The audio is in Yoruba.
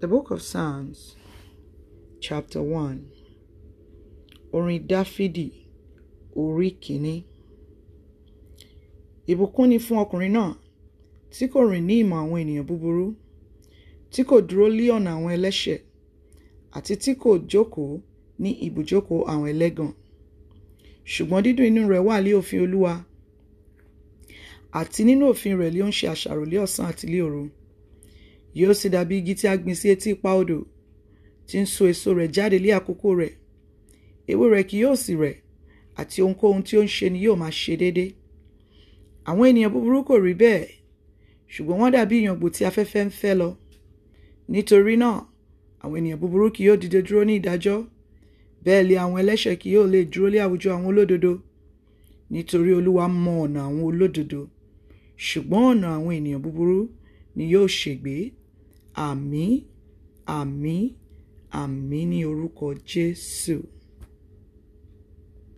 The book of Psalms, chapter 1. Orin Dafidi, orí kìíní. Ìbùkún ni fún ọkùnrin náà tí kò rìn ní ìmọ̀ àwọn ènìyàn búburú, tí kò dúró lí ọ̀nà àwọn ẹlẹ́ṣẹ̀, àti tí kò jókòó ní ibùjókòó àwọn ẹlẹ́gàn. Ṣùgbọ́n dídùn inú rẹ̀ wà lé òfin Olúwa, àti nínú òfin rẹ̀ lé ó ń ṣe àṣàrò lé ọ̀sán àti lé òru yóò sì dàbí igi tí a gbìn sí etí ipa odò tí ń so èso rẹ̀ jáde lé àkókò rẹ̀ ewé rẹ̀ kì yóò sì rẹ̀ àti ohunkóhun tí ó ń ṣe ni yóò máa ṣe déédéé àwọn ènìyàn búburú kò rí bẹ́ẹ̀ ṣùgbọ́n wọ́n dàbí ìyàngbò tí afẹ́fẹ́ ń fẹ́ lọ nítorí náà àwọn ènìyàn búburú kì yóò dìde dúró ní ìdájọ́ bẹ́ẹ̀ lé àwọn ẹlẹ́ṣẹ̀ kì yóò lè dúró lé àwùjọ àwọn olódodo nítorí olúwa mọ ọ̀nà àwọn olódodo ṣùgbọ́n ọ̀nà àwọn ènìyàn búburú ni yóò ṣègbé àmín àmín àmín ní orúkọ Jésù.